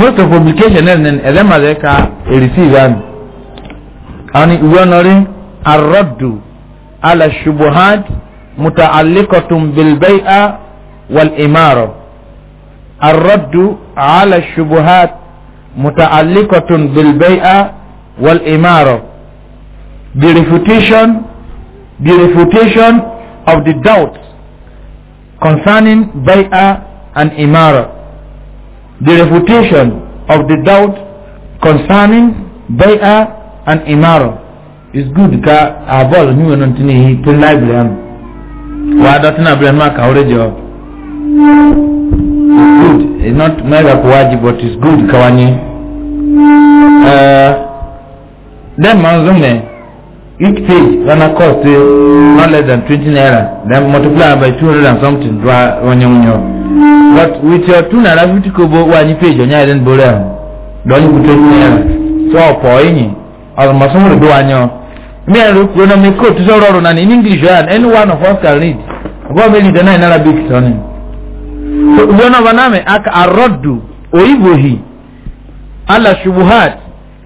most of publication ẹni ẹlẹ́màdé ka receive am àwọn ìwé ọ̀nọ́rí arọ́dù alasubuhad mutaalikotum bilbai'a wal imaro arọ́dù alasubuhad mutaalikotum bilbai'a wal imaro the refutation the refutation of the doubt concerning bai'a and imara the refutation of the doubt concerning bai'a and imara is good ka abol ni wonon tini to library am wa da tina bre ma ka ore jo good it's not never ko waji but it's good ka wani uh, then manzo ne each page gonna cost uh, not less than 20 naira then multiply by 200 and something dwa onye nyo but with your 2 naira 50 kobo wanyi page onye ayi bore am don you 20 naira so ọpọ enyi ọrụ masomo do anyo me and you know me quote so rọrọ na in english and any one of us can read go me read na in arabic tony so you know baname aka aroddu oibohi ala shubuhat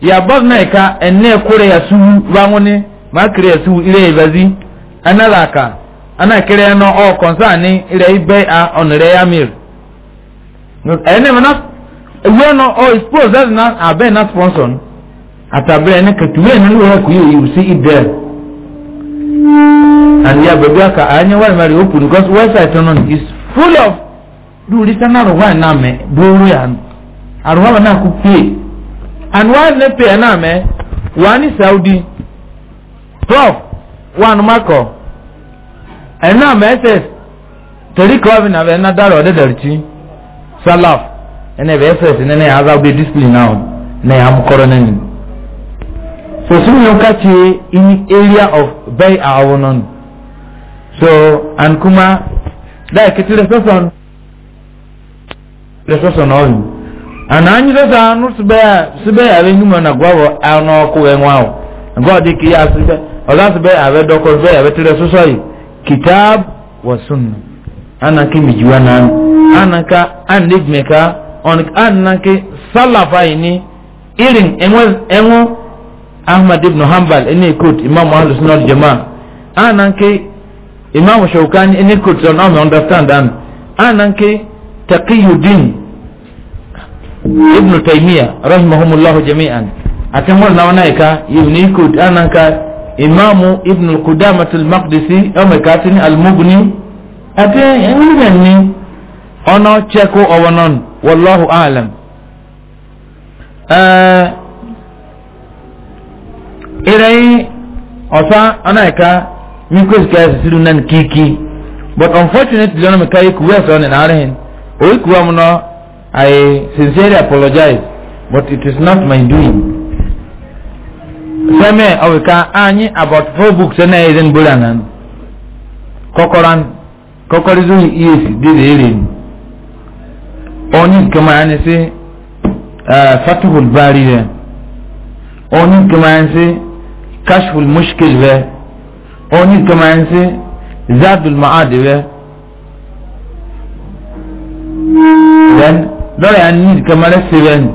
ya bagna enne kure ya sumu bangone ma kiri esu ire ibezi analaka ana kiri eno o konsani ire ibe a onire ya mir ene mana ewe no o expose that na abe na sponsor atabre ne ketuwe ne na ku yi you see it there and ya bebi aka anya wa mari open because website on is full of do listener wa na me do ya arwa na ku pay and wa ne pay na me wa ni saudi prof one mako eses mẹ́sẹ̀s torí kọ́ọ̀bì na dara náà dara ọ̀dẹ́ salaf ẹ̀nà ẹ̀bẹ̀ eses ẹ̀nà ẹ̀yà azá bíi discipline na na ya amukọ́rọ̀ náà ni. so sunyọ kàchí in area of bẹ́ẹ̀ àwọn so and kuma dáì kìtì rẹ̀sọ̀sọ̀n rẹ̀sọ̀sọ̀n ọ̀hún àná anyi sọ̀sọ̀ àánú síbẹ̀ síbẹ̀ àbẹ̀ ẹ̀yìn mọ̀ nà gbọ́ ọlọ́sì bẹ́ẹ̀ àbẹ dọ́kọ̀ bẹ́ẹ̀ àbẹ tẹ́lẹ̀ sọ́sọ́ yìí kìtáàb wà sunna anake mìjìwá náà anaka anidmeka anake sálàfà yìí ní irin ẹ̀wọ̀n ahmad ibn hanbal ẹni ikut imam ahlus sunna wal jamaa anake imam shaukani ẹni ikut sọ náà mi understand and anake taqiyuddin ibn taymiya rahimahumullahu jami'an àti wọn náà wọn náà yìí ká yìí ní ikut anaka imaamu ibn kudamatu makdisi ọmọ ìkàtí ní almugni àti ẹnìyàn ní ọ̀nà chẹ́kù ọ̀wọ́nọ́n wàlláhu alam. ìrẹ̀yìn ọ̀sá anáìka mi kò sìkà ẹ̀sìn sílu kiki. but unfortunately ọ̀nà mi ká ikú wẹ̀ sọ̀rọ̀ nínú àárín òwe kúwàmù náà I sincerely apologize but it is not my doing sɛmɛ ɔwɔ ka anyi about four books ɛna yɛ dɛ nbɔra nan kɔkɔran kɔkɔri zo yes de de ere ni ɔni kama ani se ɛɛ fatihul baari dɛ ɔni kama ani se kashful mushkil bɛ ɔni kama ani se zadul ma'ad bɛ then lɔri ani kama rɛ sɛbɛn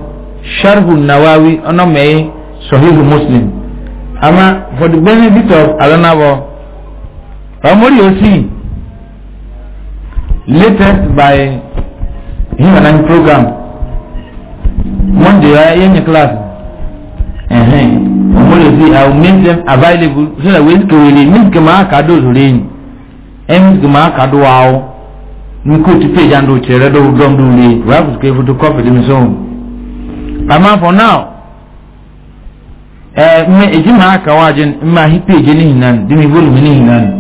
sharhu nawawi ɔnɔ mɛ sahihu muslim ama for the benefit of alanabo omori osi latest by him and I program monday ya yenye class ehem omori osi i will make them available so that when to really meet Need to zurini em kama akado wao nko ti page and o chere do dom do le wa ko photocopy dem so ama for now mme eh, ejima aka wajin mma hipe je nihi na nan dimi bulu nihi na nan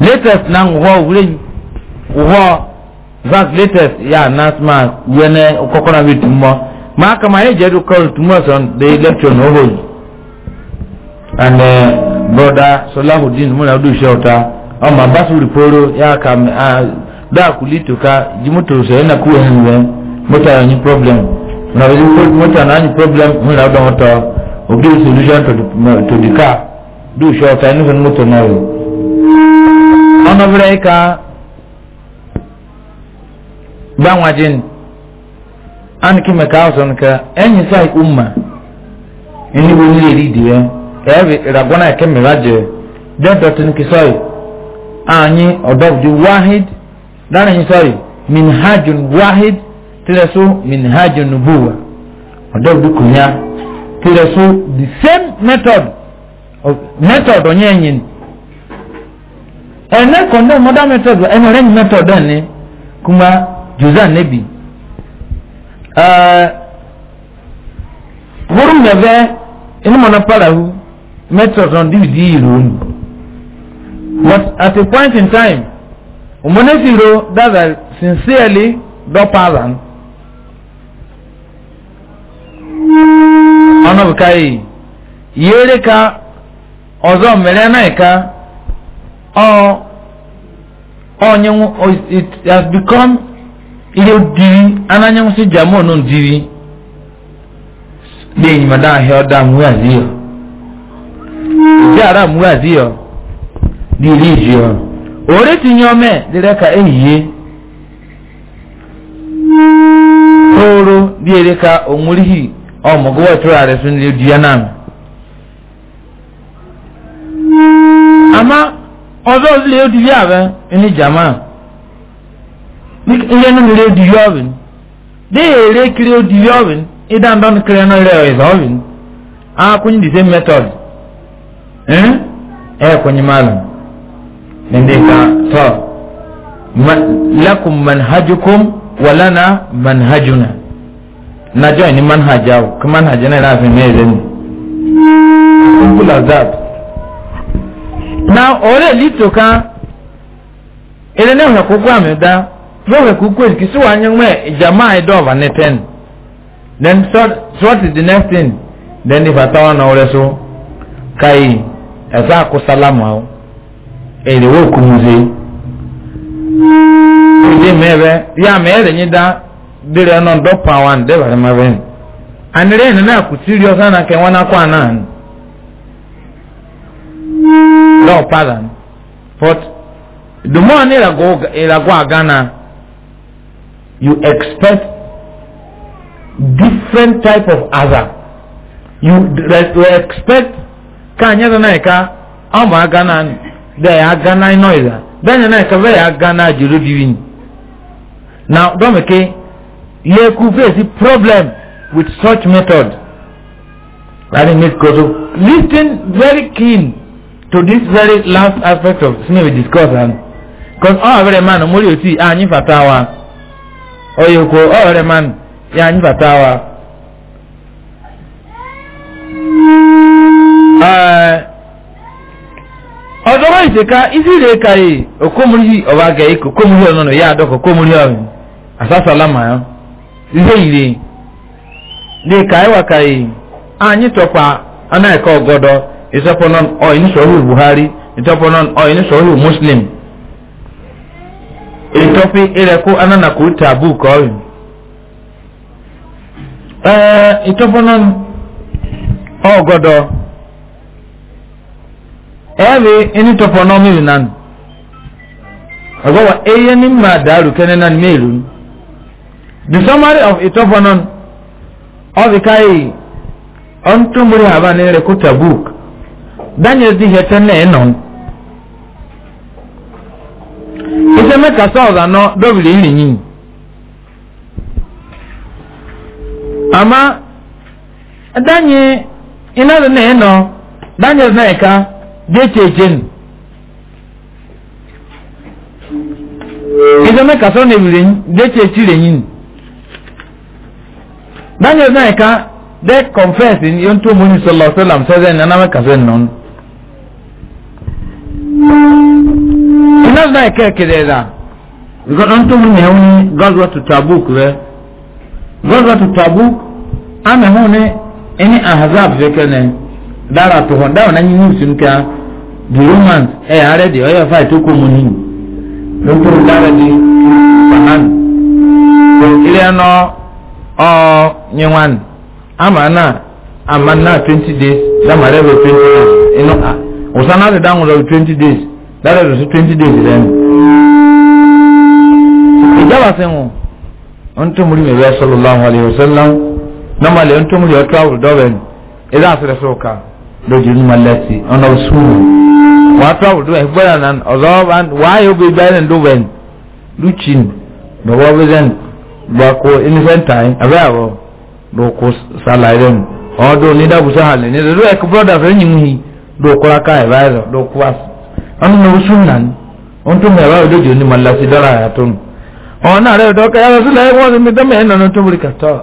latest na ngwa wure ngwa vas latest ya na yene kokona bitu mo ma aka ma eje do call to mo son the lecture no hold and uh, eh, brother Salahuddin mo na do shota o ma basu riporo ya ka uh, da kulituka jimuto so na kuwe hanwe mota ni problem na wizi mota na anyị problem mụ na do mota or give solution to the, to the car do short and even motor now ọ̀nà bẹ̀rẹ̀ ẹ̀ka báwọn jìn ánìkí mẹ̀ka ọ̀sán nìkan ẹ̀yìn sáì umma ẹni wo nílé rí ìdìyẹ ẹ̀ẹ́rì ìràgbọ́nà ẹ̀kẹ́ mìíràn jẹ dẹ́ntọ́ tí nìkí sọ́yì ààyìn ọ̀dọ́bùdì wáhid dáná yìí sọ́yì minhajun wáhid tilẹ̀ so minhajun kùnyà. kere so the same method of method onye enyin ene condemn modern method ene range method ene kuma juzan nebi uh, e, wurum neve ene mona palahu method on di di irun but at a point in time umone siro that are sincerely do paran ọnụ ka yi yere ka ọzọ mere na ka ọ onye it has become ihe diri ananyanwụ si jamon diri dị enyimada ahịa ọda mwazi ya dị ara mwazi ya dị iri iji ya ore tinye ome dịrị ka ehihie toro dị ere ka onwurihi ọmọ gbogbo rẹ sún lè dùn náà. àmọ́ ọ̀dọ́ lè dùn yẹn ní jama ilé nínú lè dùn yẹn kiri dùn yẹn ìdá ńdọ́ kiri náà rẹ̀ ọ̀yẹ̀sọ̀ ọ̀bìn akúnyí the same method ẹ̀ kúnyí máa lọ níndínká lakum manhajukum walana manhajuna. na join ni manhaja ko manhaja na ra fi mere ni simple as that now ore lito ka ele ne ho kuku ameda no ho kuku e kisi wa nyen me jamaa e do va ne ten then so, what is the next thing then if atawa na now, so kai eza ku salamu au ele wo kumuze Ije mebe, ya mere nyida dịrị ọnụ ndọ pawa ndebara mara ni anịrị enyi na-akụ siriọs na nke nwa na-akwa naanị dọọ pada but the more ịragụ aga na you expect different type of other you expect ka anyị dị na ka ọ ma aga na dị aga na ịnọ ịza dị anya na ka vee aga na jiri obibi na dọmike yẹ kú face problem with such method. That means so listen very keen to this very last aspect of sin we discuss and because all of them man omori oti ah, anyi fatawa oyoko all of them. man ya anyi fatawa ọdọrọ ìsèká isi ìrè ka yìí eh, okomori ọba gẹ̀ẹ́kọ̀ okomori ọ̀nà ya adọ́kọ̀ okomori ọ̀hún oh, eh, asásàlámà yẹn. Eh. ihe iri dịka ịwakaghị anyị tọkwa anaghịkọ ọgọdọ ịtọpụnọn ọyịn sọhụ buhari ịtọpụnọn ọyịn sọhụ muslim ịtọpụ ịtọpị ịrẹkụ ananakụ tabu kọyị ee ịtọpụnọn ọgọdọ ẹẹbi ẹni tọpọ náà mìíràn eyi ẹyẹ ní mmadàlù kene na mmiri. the summary of itofanon ọzikai ọntumuri haba ne rekuta book daniel di hete ne enon ise meka sọọza nọ dobili irinyi ama danyi inado ne ịnọ daniel na eka jechechen ise meka sọ ne biri jechechirenyi daniel náà ká dẹ́ confess yóò tó mú ní sọlọ sọlọm sẹ́sẹ́ ní anamẹ́ka sẹ́ nù. iná náà kẹ́ kéde ẹ̀dá because wọ́n tó mú ní ẹ̀hún ní gọ́dọ̀ tó tabuk rẹ̀ gọ́dọ̀ tó tabuk amẹ̀hún ní ẹni ahazab fẹ́kẹ́ ní dára tó hàn dáwọn ẹni news nìkan the romans ẹ̀ ààrẹ di ọ̀yọ́ fáì tó kó mu ní ló tó dára di banan ilé ẹ̀ náà. ọ amana ama na twenty days damare bụ twenty days ịnụ a ụsa na adịda nwụrụ bụ days dara bụ 20 days then ìjábàsí wọn ntòmùrí mẹ̀rẹ́ sọlọ́láhùn àlèhùsẹ́lám nọ́màlì ntòmùrí ọ̀tọ́ àwùdọ́bẹ̀ ẹ̀dá àṣẹrẹsẹ ọ̀ka lójú ní malẹ́sì ọ̀nà òṣùwọ̀n wàá tọ́ àwùdọ́bẹ̀ ẹ̀gbọ́n náà ọ̀zọ́ wàá yóò gbé bẹ́ẹ̀ ní lóbẹ̀ lùchìn lọ́wọ́ bẹ́ẹ̀ gbako innocent time abẹ́àwọ̀ lóko sálàyé mu ọdún onídàbùsọ àlẹ́ ní ẹ̀rọ ẹ̀kọ́ brọ́dà fẹ́ yìí mú yìí lóko aka ẹ̀báyọ̀ lóko àṣù ọ̀nà ní oṣù nàá ni wọ́n tún mọ̀ lójú ní malasi dọ́là àyàtọ̀ mu ọ̀n náà rẹ̀ dọ́kẹ́ yàrá sílẹ̀ ẹ̀ wọ́n mi dọ́mẹ̀ ẹ̀nà tó wúri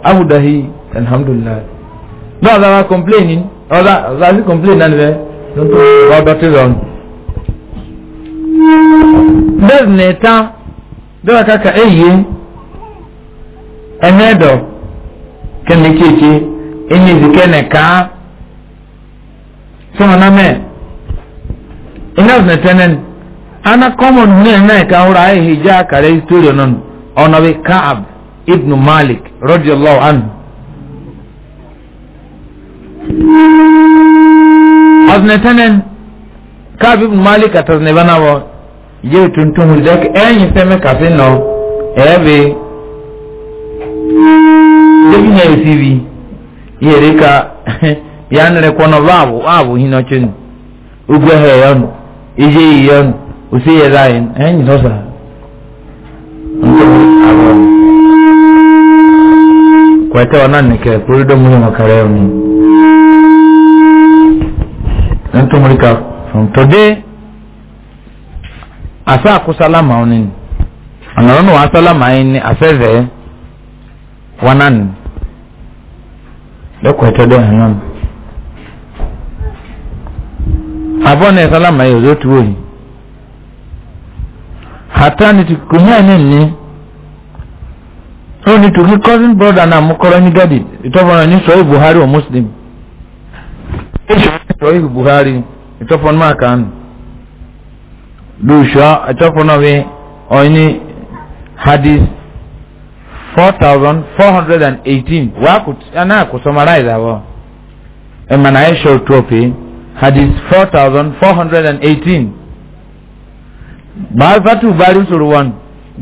abudahi alhamdulilayi complain ọ̀dà ọ̀dà sí complain náà nìyẹn bẹ́ẹ̀ ni ẹ̀ta ɛhɛn dɔ kɛnɛ kyekye enyi zikɛ nɛ kaa sɔmɔ namɛ ina tɛnɛn ana kɔmɔn hu ne nan ka hura ayi hija kare historia non ɔnɔ bi kaab ibn malik radiyallahu anhu ɔzina tɛnɛn kaab ibn malik atazina bana wɔ yɛ tuntum hulidɛ ɛnyi sɛmɛ kasi nɔ ɛɛbi. Debi na esibi yere ka ya nere kono babu babu hino chini. Ugwe he yon, ije yon, usi ye zain, eh ni sosa. Kwa te wana nike, purido mwenye makareo ni. Nantu mwika, from today, asa akusalama onini. Anaronu asalama ini, aseze, wanan lẹ́kọ̀ọ́ dẹ́ hàn án. abọ́ náà sálámà yìí ọ̀dọ́ tó wòye. hata ni tukuni ẹni ni ó ní tukuni cousin brother na mú kọ́rọ́ gadi ìtọ́fọ́nà ní sọ́yì buhari or muslim. sọ́yì buhari ìtọ́fọ́nà máa kàn án. lùsọ́ ìtọ́fọ́nà wí ọ̀yìn hadith. 4418 wako ana ku summarize abo e mana ay show trophy hadith 4418 Balfatu Bari Suru 1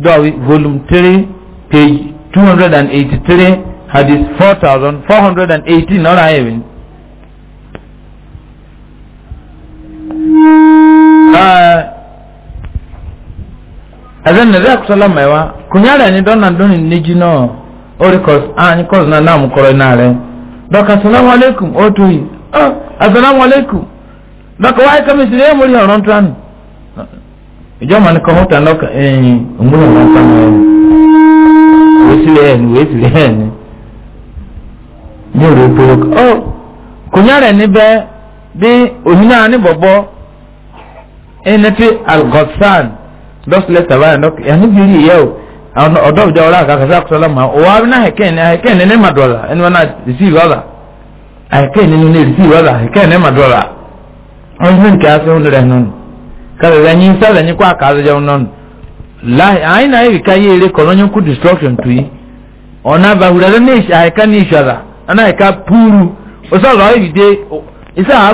Dawi volume 3 page 283 hadith 4418 ora even uh, azan na zai kusa lamai wa kunyara ni don nan donin ni jino orikos a ni kos na namu kore na re doka salamu alaikum o tuyi ah assalamu alaikum doka wa eh, ka mi sire muri horon oh, tan ijo man ko hota doka eh umbulo na tan we sile en we sile en ni re polo o kunyara ni be bi ohina ni bobo enati al-ghassan dos leta baya ndok yani bili yao odob ja ora ka kasa kusala ma o wabi na heken heken ne ma dola en wana receive ala ne receive ala heken ne ma dola on men ka se on renon kala la nyi sala nyi kwa ka ja onon la na e ka ye ku destruction ona ba ne sha puru o sa isa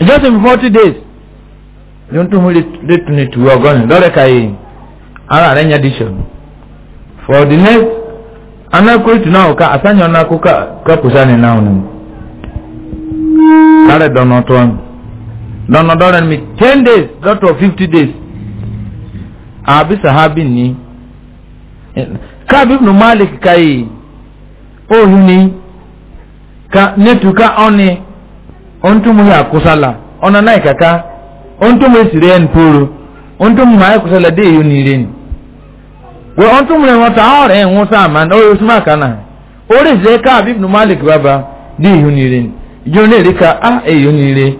just in forty days ní wọ́n tún mú létúni tù ọgọ́rin lọ́rẹ̀ káyé ara rẹ̀ yẹn addition for the next anakuritu náà ká àsányàn náà kó kẹ́kùsá ni náà nù kárẹ̀ dọ̀nà tó ń dọ̀nà dọ̀rẹ̀ mi ten days dọ́tọ̀ fifty days àbí sahabi ni káàbí nù malik káyé òhun ni ká nítu ká ọ́ni. ontumuhi akusala ona nai kaka ontumu esiri en puru ontumu ma akusala de yo niren we ontumu ne wata ore en wusa man o yusma kana ore ze ka ibn malik baba de yo niren jo ne rika a e yo nire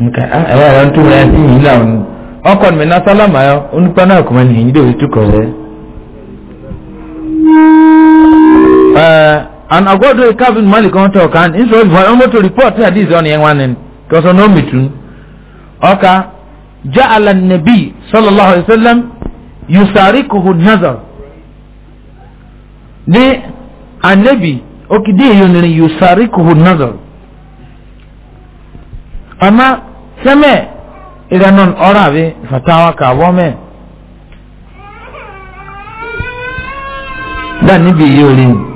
nka a ara ontumu ya si ila on okon me na salama yo onupa na kuma ni inde otu ko eh and agwado Calvin Malik on talk and instead for almost to report that this on yang one because no mitun oka ja'ala an-nabi sallallahu alaihi wasallam yusarikuhu an-nazar ni an-nabi okidi yonri yusarikuhu an-nazar ama seme iranon orabe fatawa ka wome dan ni bi yorin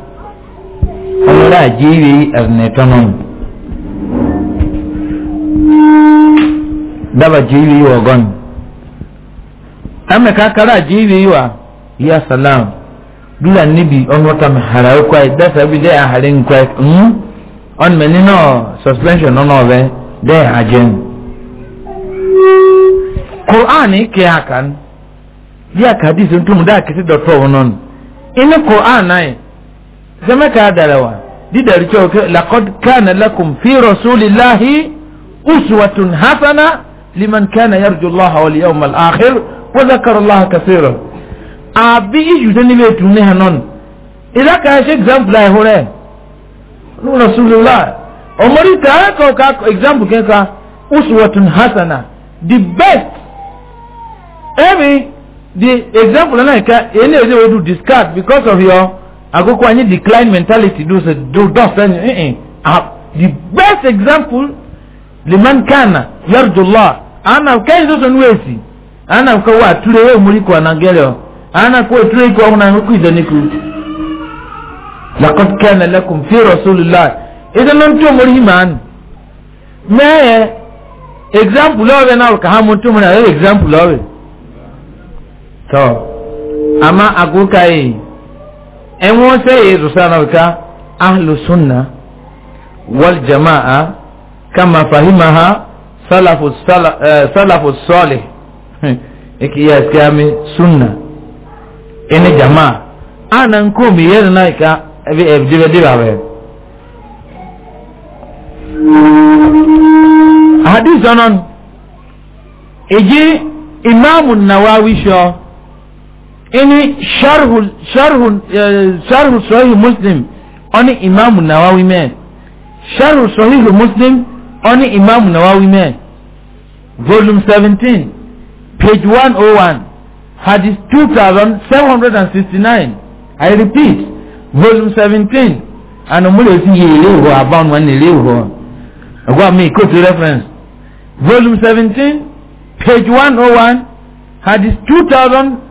ọlọ́rọ̀ àjẹ́rẹ́ ẹ̀rìnẹ̀tọ́nọ́n dábà jẹ́rẹ́ yìí ọgọ́n amẹ́ka kára àjẹ́rẹ́ yìí wa yíyá sàlám bílà níbi ọ̀nwọ́ta hàrà ẹ̀kọ́ ẹ̀ dáṣà bí dẹ́ àhàrẹ́ nkọ́ ẹ̀ ọ̀nmẹ́ni suspension ọ̀nà ọ̀bẹ́ dẹ́ àjẹ́ mu. Qur'an ke hakan ya kadisi ntumu da kiti da to ini Qur'an nai zamaka darawa didari cewa laqad kana lakum fi rasulillahi uswatun hasana liman kana yarju Allah wal yawmal akhir wa dhakara Allah kaseeran abi yude ni betu ne hanon ila ka she example ay hore nu rasulullah omori ta ko ka example ke ka uswatun hasana the best every the example na ka ene ode we do discard because of your akoko anyi decline mentality do se do dust fɛn ɛn ɛn ah the best example liman kana yardullah ana kɛyi soso nu esi ana ko wa ture wo muri ko anagɛlɛ ana ko ture ko ɔmuna ko izani ku lakɔt kana lakum fi rasulillah ɛdɛ non tó mori himan mɛɛ example ɔbɛ na ka ha mo tó example ɔbɛ so ama akoko ayi ẹ̀wọ̀n sẹ́ yìí sọ̀sánà ká ahlùsùnà wọ́l jama'a kama fahimaha sálàfù sọ́ọ̀lì ìkìyà ìkìyàmí sùnà ẹni jama'a ana nkómi yẹn nínú ìka ẹbí ẹbìdìbẹdìbà rẹ. hadith ọ̀nà ìjì ìmáàmù nàwáwí sọ ini sharhu sharhu uh, sharhu sahih muslim oni imam nawawi me sharhu sahih muslim oni imam nawawi me volume 17 page 101 hadith 2769 i repeat volume 17 and omule ti ye ile ho abound one ile ho agwa mi quote reference volume 17 page 101 hadith 2000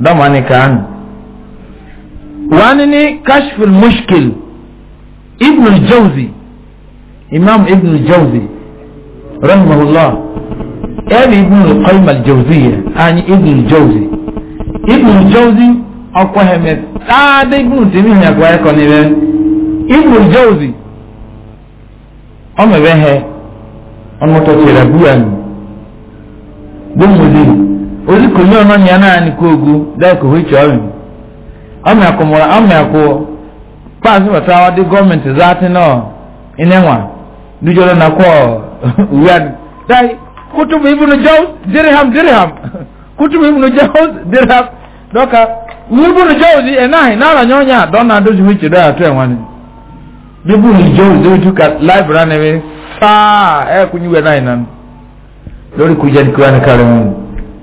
dama kan wani ni kashful mushkil ibn jawzi imam ibn jawzi rahimahullah ebe ibn al-qayyim al-jawziyya ani ibn al-jawzi ibn al-jawzi ọkọ hẹmẹ taade ibn ni bẹ ibn al-jawzi ọmọ ẹbẹ hẹ ozikunye ọnọ ya naanị ka ogu dịka ohu iche ọrụ ọmịakwụ mụrụ ọmịakwụ paasị batara ọdị gọọmenti zaatị nọ ịnenwa dujọrọ na kwọ uwe adị dai kutubu ibunu jaus dirham dirham kutubu ibunu jaus dirham dọka ibnu jaus enaghị nara nye onye adọ na adozi iche dọya atụ enwa ni ibnu dị uju ka laịbrị na ebe saa ekwunye uwe naanị na lórí lori ní kíwá ní kárí wọn.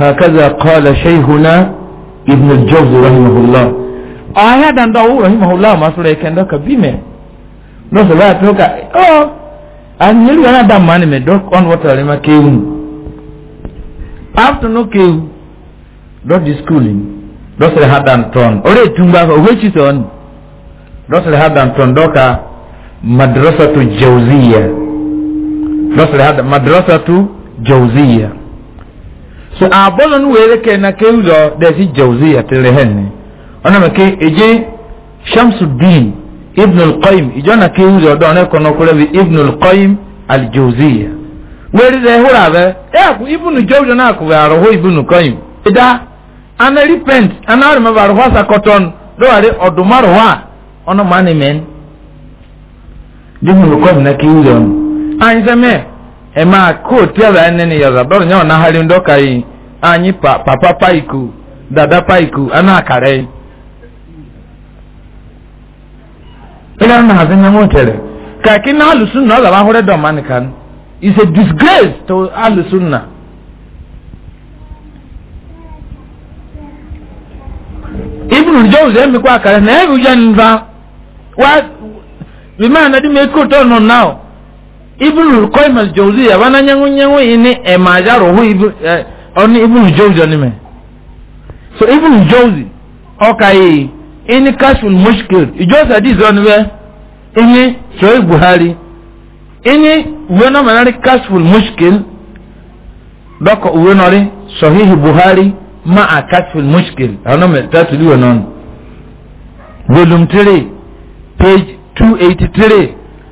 هكذا قال شيخنا ابن الجوزي رحمه الله آية دندو رحمه الله ما سورة كندا كبيمة نصر بقى توكا أوه أن يلو أنا دام ماني من دوك أون وطر لما كيهن after no كيهن دوك دي سكولين دوك لها دان تون أولي تنبا فوهيشي تون دوك لها دان تون دوكا مدرسة جوزية دوك لها مدرسة جوزية so abono nu were ke na ke ulo de si jawzi ya tere henne ona me ke eje shamsuddin ibn al-qayyim ijo na ke ulo do ne kono kure bi ibn al-qayyim al-jawziya were de hura be e ku ibn jawzi na ku ba ro ibn qayyim ida ana repent ana re ba ro sa koton do are odumaro wa ona mani men ibn al-qayyim na ke ulo an zame ema kootu ala nene yaza dɔrɔ nyɛ ɔna hali ndɔ ka yi anyi pa papa paiku dada paiku ana akara yi ila na hafi nyɛ ŋun tere kaki na alusun na ɔlaba ahore dɔ mani kan is a disgrace to alusun na. ibnu jones emi kó akara na ewu yẹn nfa wa bimaana di mi ekootu ɔnu now. ibnu qayyim al-jawzi yabana nyangu nyangu ini e eh, majaro hu ibnu eh, oni ibnu jawzi oni me so ibnu jawzi okay ini kashful mushkil ijosa di zon we ini sahih buhari ini wona manari kashful mushkil doko wonori sahih buhari ma a kashful mushkil ono me tatu di wonon volume 3 page 283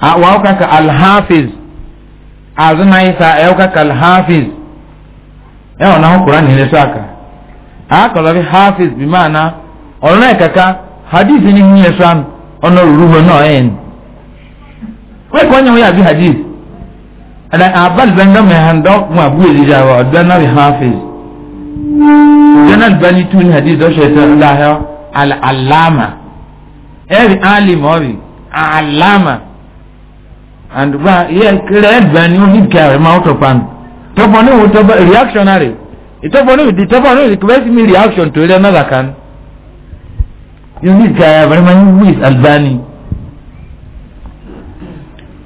wauka kaka alhafiz azuna isa yauka e kaka alhafiz yau na qur'an ile saka aka lo bi hafiz bi mana ona kaka hadith ni ile san ona na no en kwe kwa nyo ya bi hadith ala abal banga me hando ma bu elija wa dana bi hafiz dana bani tun hadith do shaitan la ha al alama ebi alim obi alama and ba ye red ban you need care out of pan tobo ni wo tobo reactionary itobo ni di tobo ni request me reaction to another can you need care very much with albani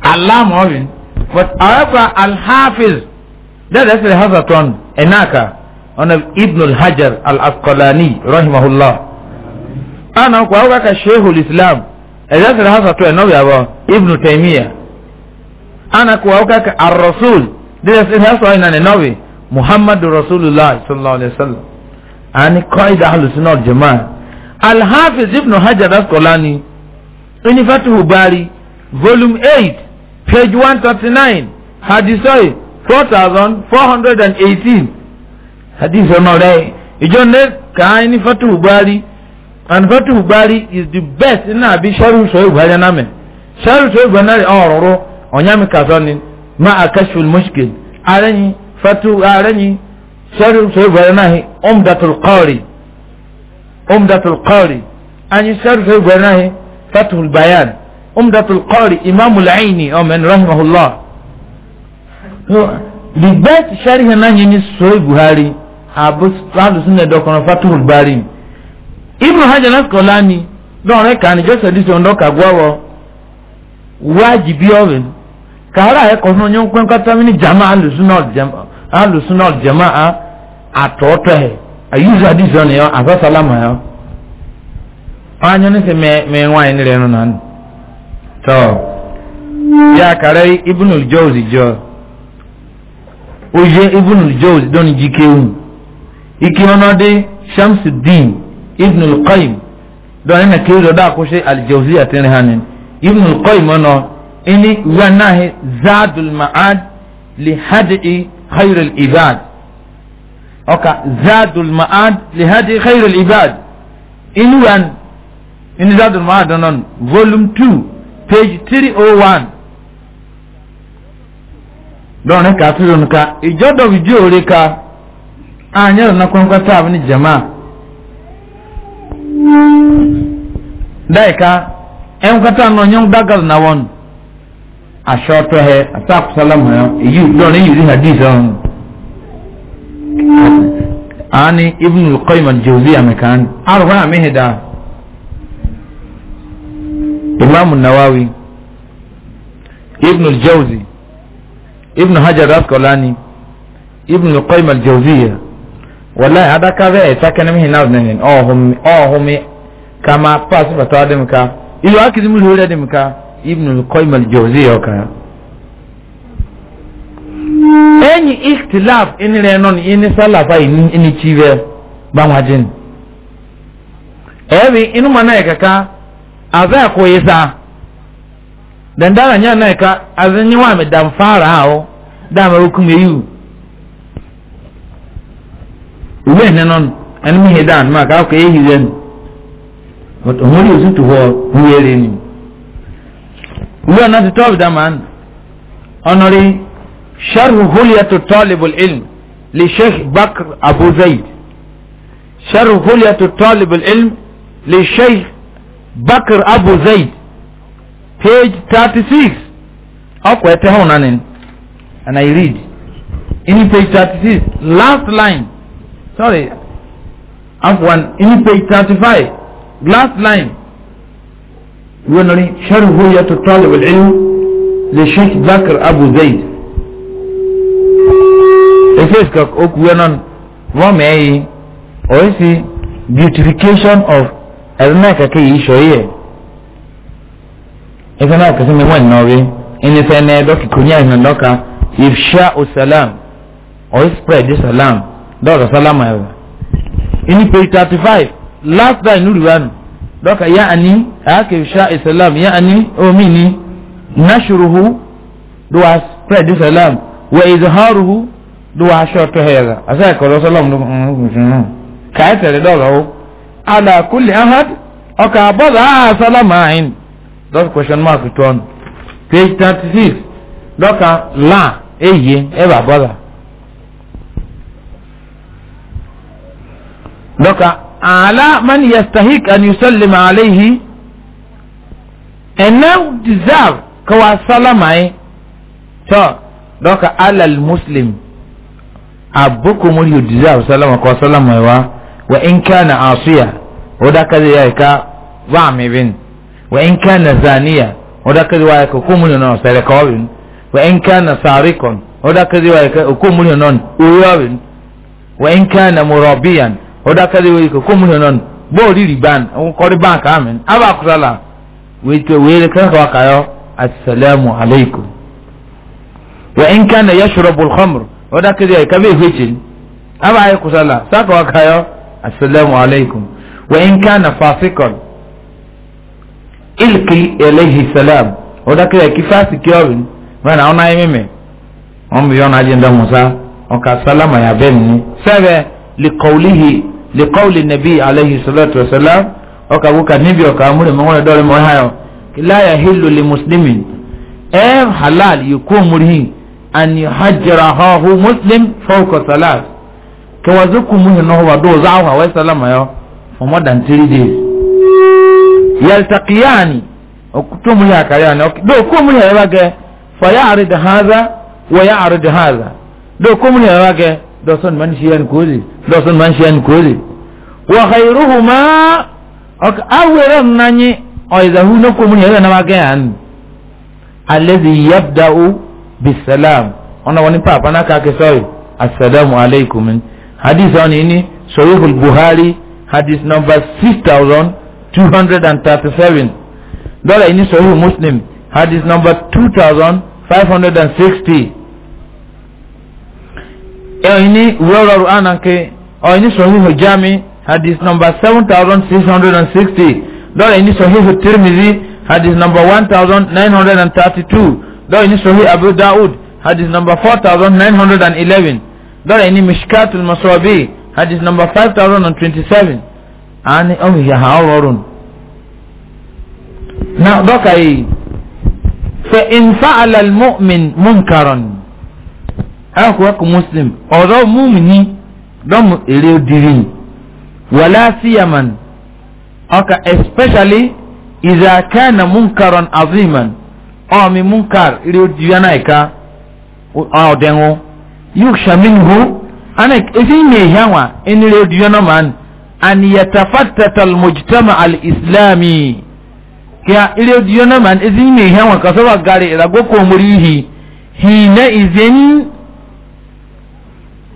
allah moving but however al hafiz that is the hazaton enaka on ibn al hajar al asqalani rahimahullah ana kwa ka shaykhul islam that is the hazaton no yabo uh, ibn taymiyyah ana kuwa uka ka ar-rasul dile sin haso ina ne nawe muhammadu rasulullah sallallahu alaihi wasallam ani qaida ahlus sunnah wal jamaa al-hafiz ibn hajar al-asqalani ini fatuhu bari volume 8 page 139 hadisoi 4418 hadis ono re ijo ne ka ini fatuhu bari and fatuhu bari is the best ina bi sharu so ibare na me sharu so ibare na ọrọrọ onyami kazoni ma akashfu almushkil arani fatu arani sori sori baranahi umdatul qari umdatul qari ani sori sori baranahi fatu albayan umdatul qari imam al-aini o man rahimahullah so the best sharh na ni sori buhari abu sadu sunne dokono fatu albari ibnu hajar naskolani don re jose dison doka gwawo wajibi oven kaara ẹ kọ sọ nyẹn kwan kata mi ni jama jama a atọọtọ ẹ ayuzu adi sọ ni yọ asasalama ọ ọnyọ ni sẹ mẹ mẹ nwa yẹn rẹ nù nànú tọ yà kàrẹ ibùnú jọwọsì jọ oyè ibùnú jọwọsì dọ́ni jikewu ike ọ̀nàdé dín ibùnú dọ́ni nà àkóso àtẹ̀rẹ̀ ibùnú ini wanahi zadul ma'ad li hadi khair al ibad oka zadul ma'ad li hadi khair al ibad ini wan ini zadul ma'ad non volume 2 page 301 don ne ka tiro ka ijodo bijo re ka anyar na kwankwa ta abin jama'a dai ka en kwata no nyong dagal na won asọ́tọ́ ẹ asákùsálàmù ẹ èyí lọ́rin yìí rí hadith ọ̀hún. àání ibùn lùkọ́ ìmọ̀ jòzí àmìkan àrùbá àmìhìdá ìmáàmù nàwáwí ibùn jòzí ibùn hajar raskọlani ibùn lùkọ́ ìmọ̀ jòzí yẹ wọlé adákàwé ẹ̀sákẹ́nìmí náà nìyẹn ọ̀hún mi kàmá pàṣípàtà dìmka ìlú akíndìmí rẹ̀ dìmka. ibn al-qayyim al-jawziyya ka enyi ikhtilaf in renon in salafa in chive banwajin ebi inu mana ikaka aza ko yisa dan dara nya na ka azanyi wa me dan fara hawo da ma hukum yi uwe nenon an mi hedan ma ka ko yi zen wato mo yuzu to ho ni wíwọ́n náà ti tọ́ọ̀bù dá màá ọ̀nàrí sharhu huliyatu tọ́libul ilm li sheikh bakr abu zayd sharhu huliyatu tọ́libul ilm li sheikh bakr abu zayd page thirty six ọkọ̀ ẹ̀ e tẹ́hùn náà ni and i read in page thirty six last line sorry afwan in page thirty five last line. ونري شرهية طالب العلم للشيخ بكر أبو زيد إفيسكك أوك وينان ومعي أويسي beautification of أرناك كي يشوية إذا ناك سمي وين نوري إني سنة دوك كنيا إن دوكا إفشاء السلام أو spread السلام دوك سلام أيوة إني page 35 last time نوري وانو dɔka yaani ake sha islam yaani omini nashuruhu do wa spread islam wa izharuhu do wa sho to hega asa ko sallam do ka tere do lo ala kulli ahad o ka bada salamain dot question mark ton page 36 dɔka la eye e ba bada dɔka ala man yastahiq an yusallima alayhi and now deserve kawa salamai to doka alal muslim abukum you deserve salama kawa salamai wa wa in kana asiya oda kaza ya ka wa mi bin wa in kana zaniya oda kaza wa ka kumun no sare kawin wa in kana sarikon oda kaza wa ka kumun no uwabin wa in kana murabiyan ọdakari wo iko kó mu hẹ nọn bóòlù rìbán kọrí báńkì àmì abà kúrọ̀là wètò wèrè kẹ́kọ̀ọ́ àkàyọ́ asalaamu aleykum. wa in kana yashrabu al-khamr ọdakari ayika bẹ́ẹ̀ hwẹ́kyẹ́ abà ayé kúrọ̀là sákọ̀ọ́ àkàyọ́ asalaamu aleykum. wa in kana fasikan ilki eléyìí salaam ọdakari ayika fásikì ọ̀rìn wọn àwọn náà yẹ likawuli nabi alayhi salatu wa salam ọkà wúkà níbi ọkà amúlẹ̀ mọ́ wọn dọ́rẹ́ mọ́ ẹ̀hán láyà hílò lè mùsùlùmí ẹ̀ halal yìí kó múrihìn àni hajjara hàhù mùsùlùm fọ́ọ̀kọ̀ salat kẹwàzó kù múhìn náà wà dóòzó àwọn àwọn sálàmà yọ for more than three days. yaltaqiyaani tó múhìn àkàrí àná dóò kó múhìn ẹ̀rọ gẹ fọyà àrídìhàzà wọ̀yà àrídìhàzà dóò kó múhìn ẹ̀rọ gẹ dọ́sán máa ń ṣe ẹni kóòlì dọ́sán máa ń ṣe ẹni kóòlì wọ̀ọ̀kà ìrúhù máa awẹ́rẹ́ nanyi ọ̀ìzàhù ní kò mú ní ẹ̀rọ náà gẹ̀ hàn alẹ́sì yabda o bisalam ọ̀nà wọn ní pàpà náà kàkẹ́ sọ́ọ̀rì asalaamu alaykum hadith ọ̀nà yìí ní buhari hadith number six thousand two hundred muslim hadith number two ẹ̀yìn wúrọ̀rọ̀ ànànkè ọ̀yìn sọ̀hìn hujami hadith number seven thousand six hundred and sixty lọ́rọ̀ ẹ̀yìn sọ̀hìn tirimizi hadith number one thousand nine hundred and thirty-two lọ́rọ̀ ẹ̀yìn sọ̀hìn abu daud hadith number four thousand nine hundred and eleven lọ́rọ̀ ẹ̀yìn mishkatul masobi hadith number five thousand and twenty-seven àní ọ̀hìn yàhà ọ̀rọ̀rùn. na dọ́kà yìí fẹ́ ìnfà àlàlmọ́ọ̀mìn múnkàrọ̀nù akọ̀wẹ́kọ̀ muslim ọ̀rọ̀ múmini dọ́mù èrè òdìrí wàlá síyàmán ọkà especially ìzàkánà munkaron aziman ọ̀mí munkar èrè òdìrí anáìka ọ̀dẹ̀wọ̀n yóò ṣàmìnhu anak èsì ìmì ìhẹ́wà ẹni èrè òdìrí anáìka an yatafattata almujtama alislami kí a èrè òdìrí anáìka èsì ìmì ìhẹ́wà kasọ́wà gari ìràgókò mú rí hì hì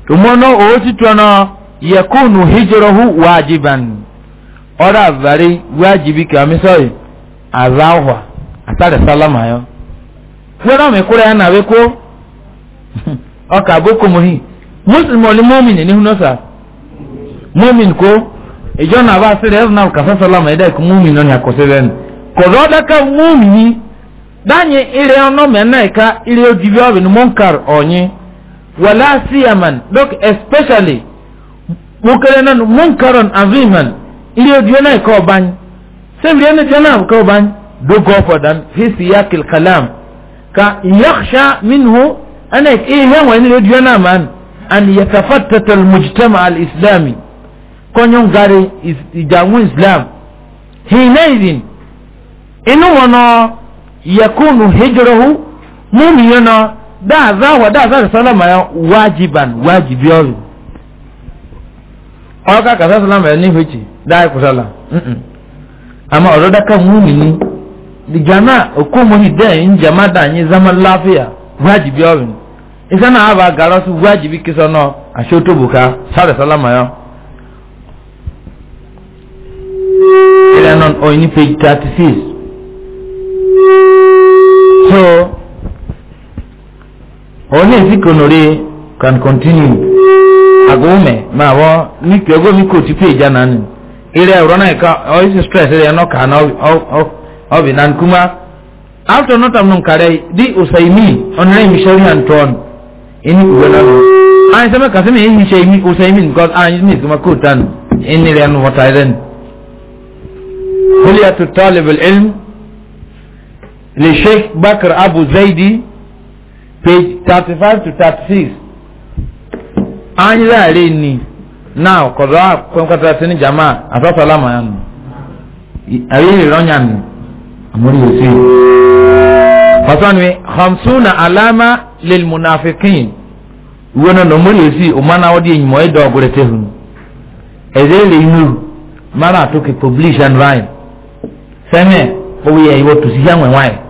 umono oositwano yakunu hijrahu wajiban ora avari wajibi kamisoy azahwa asare salama yo wera mekura ya nawe ko ọka boko muhi muslim oli mumin ni huno sa mumin ko ijo na ba sire na ka sa salama ida ko mumin on yakoseben ko roda ka mumini danye ile ono menna ka ile ojibi obi no munkar onye wala siyaman look especially mukere nan munkaron aziman ili odiyo na ko ban sebi ne jana ko ban do go for dan fi siyaq al kalam ka yakhsha minhu ana ihe wa ni odiyo na man an yatafattata al mujtama al islami konyon gari ijamu islam hinaidin inu wono yakunu hijruhu mumiyana daa zaa wa daa zaa salama ya wajiban wajibi ọrụ ọka kasa salama ya n'ihu echi daa kusala ama ọrụ daka mumi ni digana okomohi dẹ njama da anyi zama lafiya wajibi ọrụ isa na aba gara su wajibi kisa nọ ashoto buka sare salama ya ilẹ̀ nọ oyin page thirty six so onye nzikonore can continue agome ma wo ni kyogo mi ko ti pe jana ni ire ro na ka o is stress ire no ka na o o bi nan kuma after not am nun kare di usaimi onre mi shari anton ini ko na no ai sama ka sama ini shaimi usaimi because ai ni kuma ko tan ini re no wata ren kuliyatu talib al-ilm li sheikh bakr abu zaidi page thirty five to thirty six anyira are ni now kọdọ akọkọta ti ni jama asọsọlama ya nu ayé ìrọnyà ni àmúrí yóò sí. fasanu hamsuna alama lil munafikin wo na nomori esi omana wodi enyimo edo ogore tehun ezele inu mara atoke publish and write sẹ́mi owó yẹ ìwọ tòsí yá wẹ̀wá yìí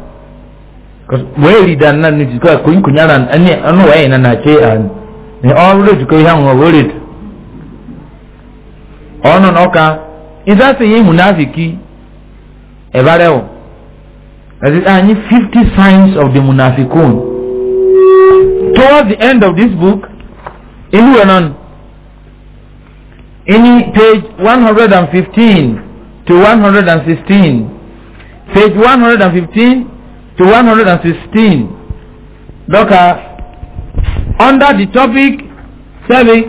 wee da na ni jikwa kun kunyara ani anu wee na na che an ni ọrụ jikwa ihe ahụ wee rịd ọnụ na ọka ịza sị ya ihu n'afiki ebarewo that is anyị fifty signs of the munafikun towards the end of this book ilu wenon ini page one hundred and fifteen to one hundred and sixteen, page one hundred and fifteen to 116 dọ́kà under the topic seven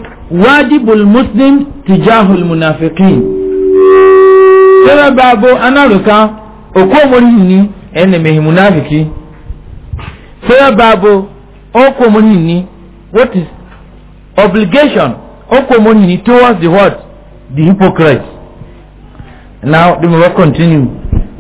wajibul muslim tijahul munafiqin sẹ́rẹ̀ báàbò anáruka òkú omori ní ẹnìmẹ̀hìn munafiki sẹ́rẹ̀ báàbò òkú omori ní what is obligation òkú omori ní towards the what the hypocrite now the will continue.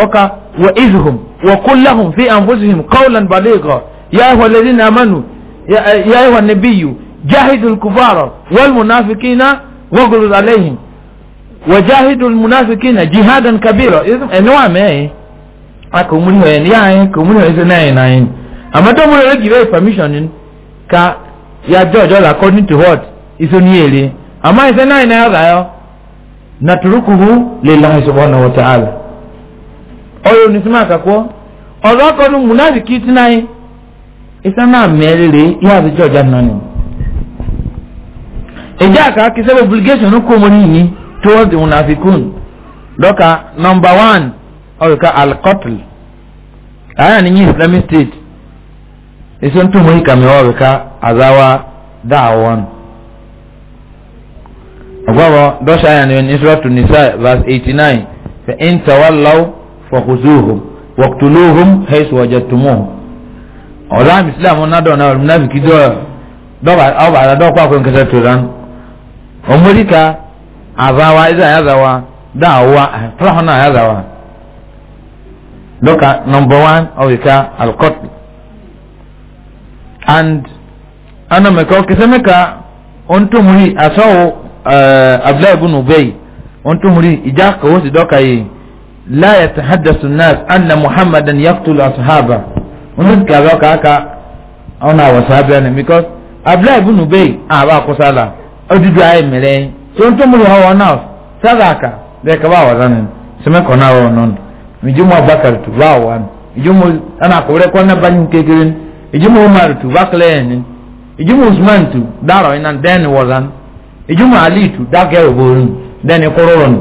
أوكا وإذهم وقل لهم في أنفسهم قولا بليغا يا أيها الذين آمنوا يا, يا أيها النبي جاهدوا الكفار والمنافقين واغلظ عليهم وجاهدوا المنافقين جهادا كبيرا إنوا ما أكو من هو يعني أكو من هو إذن ناين أما تقول لك give permission ka ya judge all according to what isoniele ama إذن ناين هذا يا نتركه لله سبحانه وتعالى ọyọ onisima akakọ ọrọ akọni munafi kiti nai isana mẹrẹrẹ ya bi jọja nani ẹjẹ aka kisẹ obligation kọ mọ niyi towards the munafikun dọka number one ọyọka alkotl aya ni yin islamic state esi n tumu ika azawa dawon ọgbọbọ dọsha aya ni israel to nisa verse eighty nine fẹ in tawallaw. فخذوهم واقتلوهم حيث وجدتموهم ọ̀rọ̀ àmì islam ọ̀nàdọ̀ náà ọ̀rọ̀mùnáfìkì ọba àdàdọ́ pàkó nkẹsẹ̀ tó rán ọmọdéka àbáwa ẹ̀dá àyàzáwa dáhùwa àfúráhùn náà àyàzáwa dọ́kà nọmba wán ọ̀wìká alkọ́t and anamẹ̀kọ́ kẹsẹ̀mẹ̀ka ọ̀ntúnmùrì àsọ̀wọ̀ abdullahi ibùnú bẹ́ẹ̀ ọ̀ntúnmùrì ìjà kọ̀wọ́sì dọ́kà yìí. لا يتحدث الناس أن محمدا يقتل أصحابه ونذكى ذلك أكا أنا وصحابنا because abdullahi ibn ubay àbá kọsálà ọdúdú ayé mẹrẹ tó ń tó múlò hàn wọn náà sádàkà bẹẹ kaba wà lánà sẹmẹkọ náà wọn nọ ìjùmọ abakar tó bá wà ní ìjùmọ ẹnà àkọwérẹ kọ náà báyìí kékeré ní ìjùmọ umar tó bá kílẹ̀ ẹ̀ ní ìjùmọ usman tó dárọ̀ iná dẹ́ni wọ̀lán ìjùmọ ali tó dákẹ́ òbòrò dẹ́ni kúrò rọ̀ nù.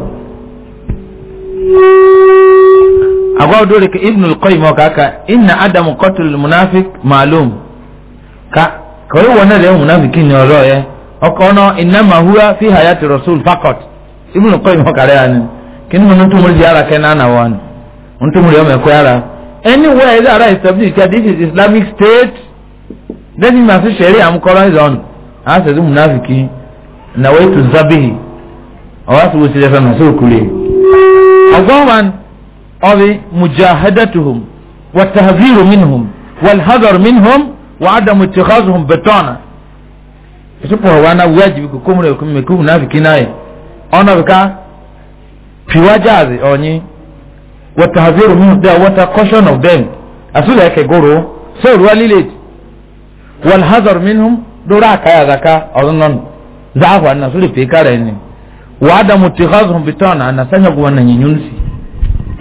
agwa dole ka ibn al-qayyim ka ka inna adamu qatl al-munafiq ma'lum ka kai wannan da munafikin ne ro ye okono inma huwa fi hayati rasul faqat ibn al-qayyim ka re ani kin mun tun mul jara kai nana wan mun tun mul yau ko yara anywhere that i establish that this is islamic state then you must share am colonize on as the munafiki na way to zabihi awasu wasila sana so kule أظاما أو مجاهدتهم والتهذير منهم والحذر منهم وعدم اتخاذهم بطانا يسبوا وانا واجب كوم لكم مكوم نافك ناي أنا بكا في وجازي أوني والتهذير منهم ده وتقشن of them أسول هيك يقولوا سير وليلت والحذر منهم دوراك يا ذكا أظنن زعفوا أن سوري في كارين wa adamu tighazhum bitana anasanya kuwa na nyinyunsi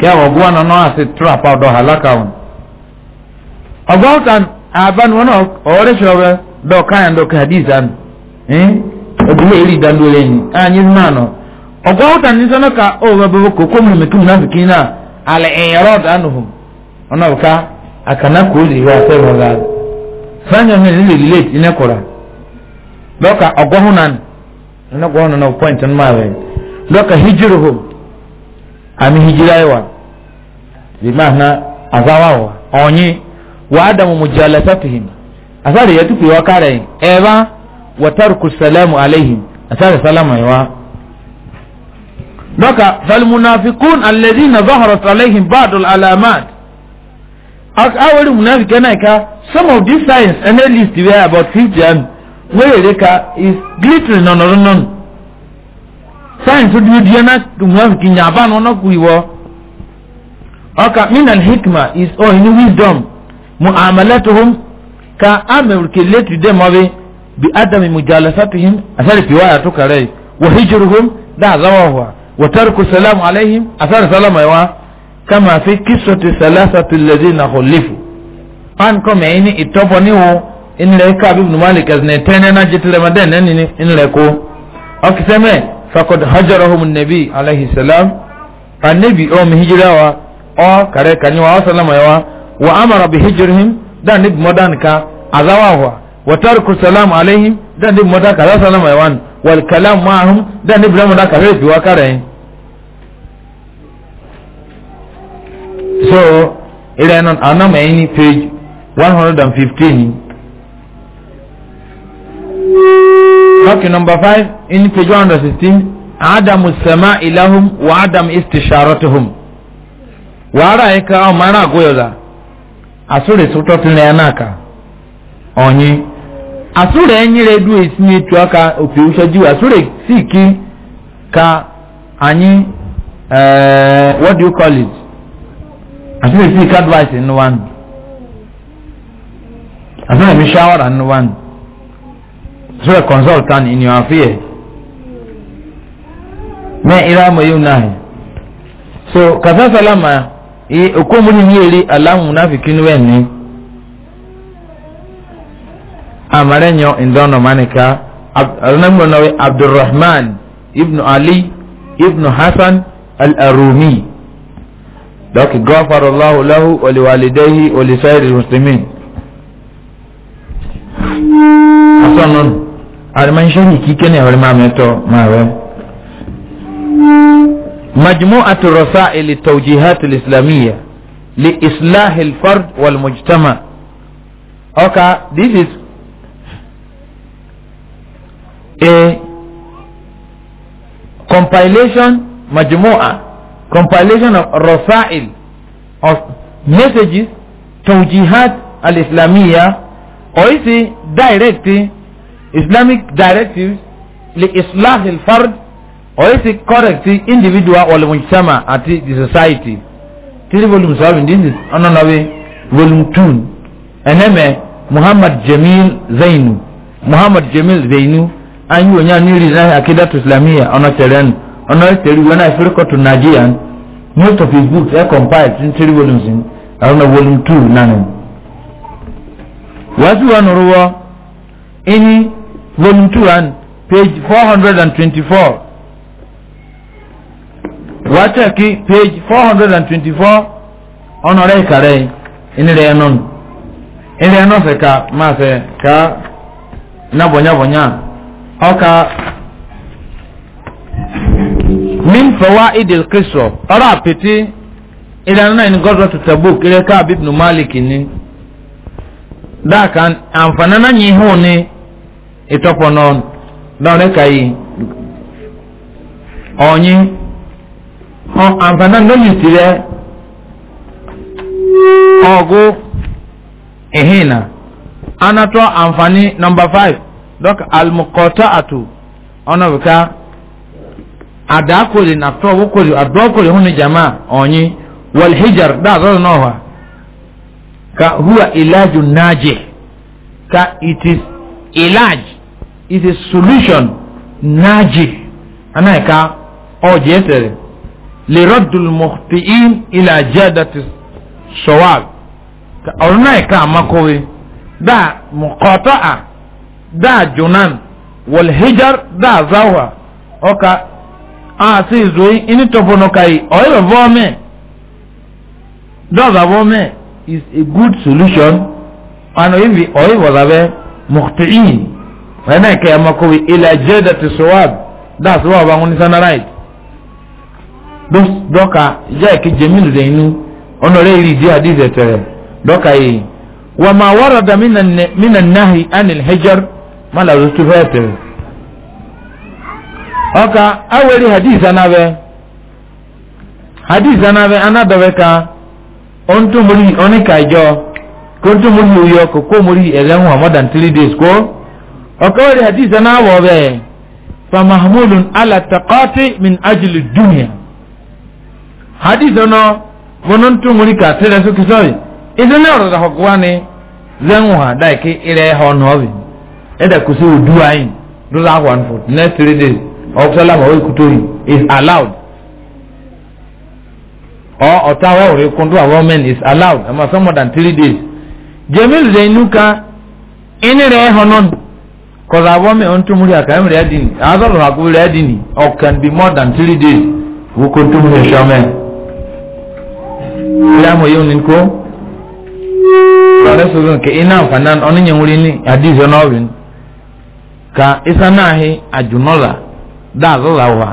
kya wagwa na no ase trap out halaka on agotan aban wono ore shobe do kan do kadisan eh odile iri dandole ni anyi nano agotan ni sana ka o babo ko ko mu metu na fikina al irad anhum ono ka akana ko ri wa se mo ga sanya ni relate ina kora doka ogwahunan na gona na point an ma wen doka hijruhu ami hijraiwa bi mahna azawawa onyi wa adamu mujalasatihim asari ya tuku wa kare eba wa tarku salamu alaihim asari salama yawa doka fal munafiqun alladhina zaharat alaihim ba'd al alamat awari munafiqana ka some of these signs and at least we are about 50 wéèrè ka is glittering ọ̀nọ̀rọ̀ nọ sáyẹnsì dúró díẹ̀ náà mùnàfíkì nyàbá náà ọ̀nà kù ìwọ ọkà minal hikma is all in wisdom mu amalatuhum ka amurke letu dem ọbi bi adami mujalasatuhum asari fi waya tukare wa hijiruhum da zawa wa wa tarku salam alaihim asari salam wa kama fi kisati salasati lazina khulifu an kome ini itobo ni wo inire ka bi ibn malik azne tene na jitile maden nani ni inire ko akiseme faqad hajarahum an-nabi alayhi salam an-nabi o mi hijrawa o kare kanywa o salama yawa wa amara bi hijrihim da nib modan ka azawa wa wa tarku salam alayhim da nib modan ka salama yawan wal kalam ma'ahum da nib modan ka refi wa kare so ire non anama ini page 115 Okay, number five, in page 116, Adamu sama ilahum wa Adam istisharatuhum. Wara eka o mara goyola. Asure suto tine anaka. Onyi. Asure enyire redu isini tu aka opiusha jiwa. Asure siki ka anyi uh, what do you call it? Asure siki advice in one. Asure mi in one sura consultant in your affair me ira mo yu nahi so kaza salama e okomuri ni eri alamu munafikin wenni amarenyo indono manika arunambo nawe abdurrahman ibn ali ibn hasan al-arumi Allahu lahu الله له ولوالديه ولسائر muslimin. حسنا alimanshari kike ne wani ما هو مجموعة الرسائل التوجيهات الإسلامية لإصلاح الفرد والمجتمع أوكا this is a compilation مجموعة compilation of رسائل of messages توجيهات الإسلامية أو direct islamic directives li islah al-fard oyesi correct individual wal mujtama ati the society tiri volume seven this is ononawe volume two eneme muhammad jamil zainu muhammad jamil zainu anyi wonya ni rizan akidatu islamiyya ono teren ono teri wana ifirko to nigerian most of his books are compiled in three volumes in around volume two nanu wasu wa nuruwa ini volume 2 and page 424 wachaki page 424 ọnọrọ kare inire ẹnu inire ẹnu fẹ ka máa fẹ ka na bọnyabọnya ọka min fawa idil kristo ọrọ apiti ìlànà náà ni gọ́dọ̀ tó tabuk ka abib nu malik ni dáàkan àǹfààní náà ni ịtọpọ nọ lọrẹ kayi ọnyi ọ ànfàní náà lóyún ti rẹ ọgụ ìhìnà anatọ ànfàní nọmba five dọk almukọta atụ ọnọbịka adakoli na tọwokoli adọkoli hụ n'ijama ọnyi walhijar daa zọrọ n'ọha ka huwa ilaju naje ka it is ilaj is a solution naji anaika ọjọ ẹsẹrẹ lè rọdùn mọ̀tìín ilẹ̀ ajẹ́ dàtí sọ̀wáàbì ọ̀rọ̀ náà ẹ̀ka àmàkọ́wé dáa mọ̀kọ́tọ́ à dáa jonan wọ̀lẹ́hìjar dáa záwà ọ̀ka àti ìzòyí iní tọ́pọ̀nọ́ka yìí ọ̀yẹ́ bẹ̀ bọ́ mẹ́ dọ́ọ̀bà bọ́ mẹ́ is a good solution and ọ̀yẹ́ bẹ̀ ọ̀yẹ́ wẹ́nẹ̀ kẹ́ ẹ mọ́kọ́wé ilẹ̀ jẹ́dẹ̀ ti sọ́wọ́b dáàsì wọ́n ọba wọn ní sanarite dọ́kà jẹ́ ẹ̀kí jẹ́mílù rẹ̀ inú ọ̀nà rẹ̀ rí ìdí àdìsẹ̀ tẹ̀rẹ̀ dọ́kà yìí wọ́n máa wọ́rọ̀ dà mínà náhì ánìl hẹ́jọ́r mọ́lá ló tún fẹ́ẹ́ tẹ̀rẹ̀. ọkà awẹ́rẹ́ hadith anábẹ́ hadith anábẹ́ anádọ́bẹ́ ka ọ̀ntúnmùrì oníkàjọ́ kó ọ̀ntúnmùrì oyè ọkọ̀ kó more than three days kó. ọkọwé ni hadith náà wọ̀ bẹ́ẹ̀ fa mahmudun ala taqati min ajili dunya hadith náà wọn tún wọn kà tẹ́lẹ̀ sókè sọ́ọ̀yì ìdí náà rọ̀rọ̀ ọ̀gbọ́n ni zẹ́wọ̀n ha dáì kí ìrẹ́ ẹ̀họ́ náà bì ẹ̀dà kò sí òdu ayin dollar one for next three days ọ̀kúsọ́lá mọ̀ ọ́kútó yìí is allowed or ọ̀tá wẹ́wọ̀rẹ́ kúndú àwọn men is allowed ẹ̀ mọ̀ sọ́ more than three days jẹ́mi lè nuka ẹni rẹ̀ ẹ̀họ́ náà. Because I want me on to Muria Kam Redini. Other Ragu Redini, or can be more than three days. Who could do me shaman? Kilamu Yuninko? Rasulun nke ina fanan onin yang ulini hadis onawin ka isanahi ajunola da zola wa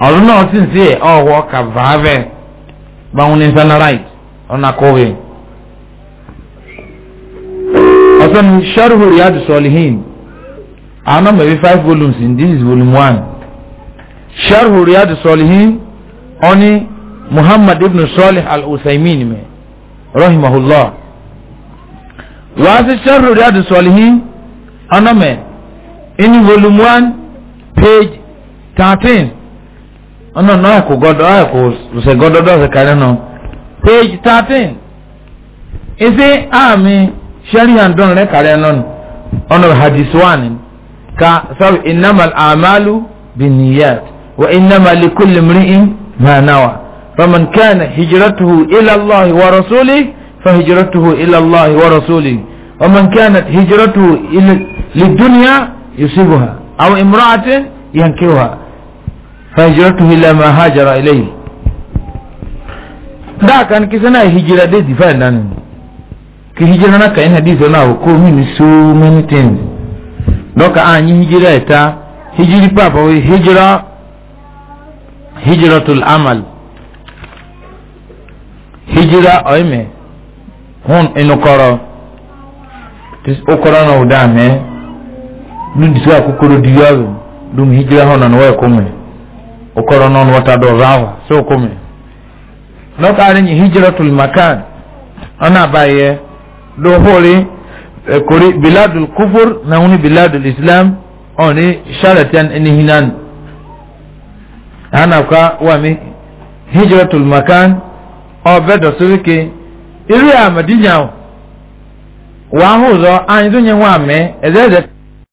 ọdún náà sì ń sí ẹ ọwọ kàvàvẹ báwọn ní sanarite ọ̀nà kọ̀wé ọ̀sán ní Our number is five volumes in this is volume one. Sharhu Riyad Salihin oni Muhammad ibn Salih al-Uthaymin me rahimahullah. Wasi Sharhu Riyad Salihin aname in volume one page thirteen ọ̀nà náà kò gbọ́dọ̀ ẹ̀ kò ṣe gbọ́dọ̀ dọ̀ṣẹ̀ kárẹ́ náà page thirteen ìsí àmì sẹ́ríyàn dọ́nrẹ́ kárẹ́ náà ọ̀nà hadith one. ka sabu innamal al'amalu binniyat wa innama likulli mri'in ma nawa faman kana hijratuhu ila Allah wa fa rasulihi فهجرته إلى wa ورسوله ومن كانت هجرته إلى للدنيا يصيبها أو امرأة ينكوها فهجرته إلى ما هاجر إليه da kan kisana hijira dai difa nan ki hijira na kai hadisi na ko mini so many things doka anyị hijira ita hijiri papa we hijira hijratul amal hijira oime hun inukoro tis ukoro na udame dun disu akukoro diyawe dum hijira hona no we kume ukoro non wata do rawa so kume doka anyi hijratul makan ana baye do hori Eh, kori biladul kufur na wuni biladul islam oni sharatan ini hinan ana ka wami hijratul makan o bedo surike iri a madina wa huzo anyi dunye wa me ezeze